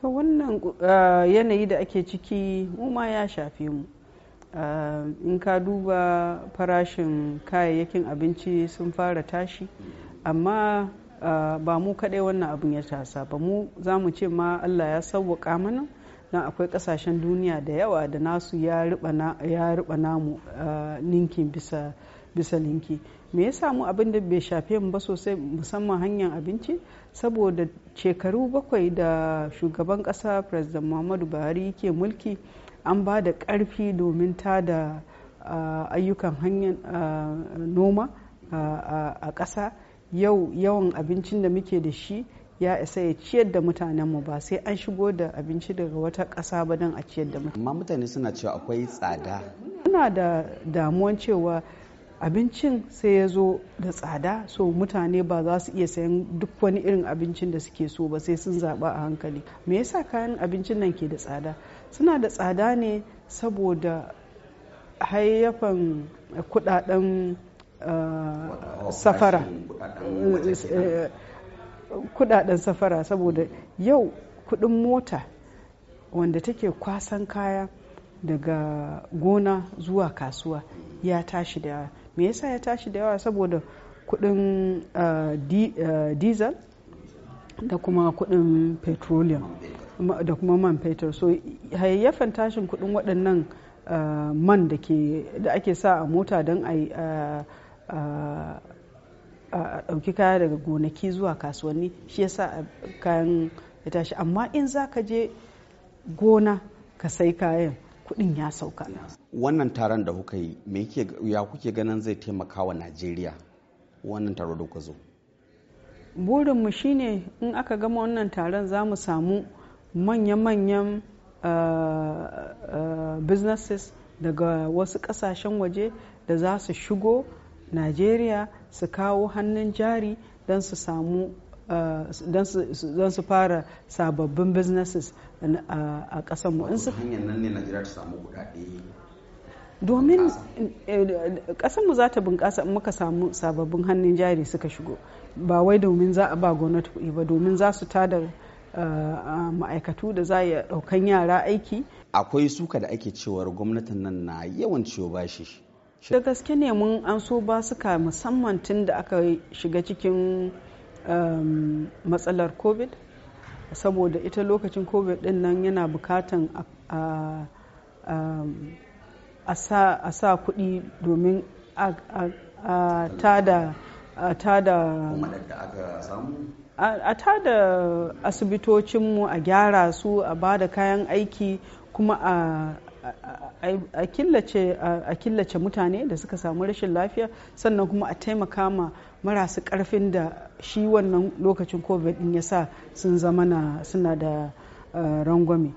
to wannan ah, yanayi da ake ciki mu ma ya shafe mu ah, in ka duba farashin kayayyakin abinci sun fara tashi amma ah, ba mu kaɗai wannan abin ya tasa ba mu za mu ce ma allah ya sauwaka mana don akwai ƙasashen duniya da yawa da nasu ya riɓa namu ninkin bisa bisa linki me ya samu abin da bai shafe mu ba sosai musamman hanyar abinci saboda shekaru bakwai da shugaban kasa president muhammadu buhari yake mulki an ba da karfi domin ta da ayyukan hanyar noma a ƙasa yau yawan abincin da muke da shi ya isa ya ciyar da mutanenmu ba sai an shigo da abinci daga wata ƙasa ba don a ciyar da mutane. amma mutane suna cewa akwai tsada. muna da damuwan cewa abincin sai ya zo da tsada so mutane ba za su iya sayan duk wani irin abincin da suke so ba sai sun zaɓa a hankali me yasa kayan abincin nan ke da tsada suna da tsada ne saboda hayyafan kudaden eh, safara kudaden safara saboda yau kudin mota wanda take kwasan kaya daga gona zuwa kasuwa ya tashi da yawa me yasa ya tashi da yawa saboda kudin uh, uh, diesel da kuma kudin petroleum da kuma man fetur so hayayyafan tashin kudin waɗannan uh, man da ake sa a mota don a ɗauki kaya daga gonaki zuwa kasuwanni shi yasa kayan ya tashi amma in za ka je gona ka sai kayan kudin ya sauka wannan taron da kuka yi ya kuke ganin zai taimaka wa najeriya wannan taro da kuka zo burinmu shine in aka gama wannan taron za mu samu manya-manyan eh, eh, businesses daga wasu kasashen waje da za su shigo najeriya su kawo hannun jari don su samu don su fara sababbin businesses a kasanmu in hanyar nan ne najeriya ta samu kudade domin kasanmu eh, za ta bunƙasa muka samu sababbin hannun jari suka shigo ba wai domin za a ba gwamnati kuɗi ba domin za su tada eh, ma'aikatu da za a ɗaukan yara aiki akwai suka da ake cewar gwamnatin nan na yawan ciwo bashi da gaske ne mun an so ba suka musamman tun da aka shiga cikin Um, matsalar covid saboda ita lokacin covid din nan yana bukatan a um, sa kudi domin a tada a tada a tada asibitocinmu a gyara su a ba da kayan aiki kuma a killace mutane da suka samu rashin lafiya sannan kuma a taimaka ma marasu karfin da shi wannan lokacin covid ya sa sun zama suna da eh, rangwame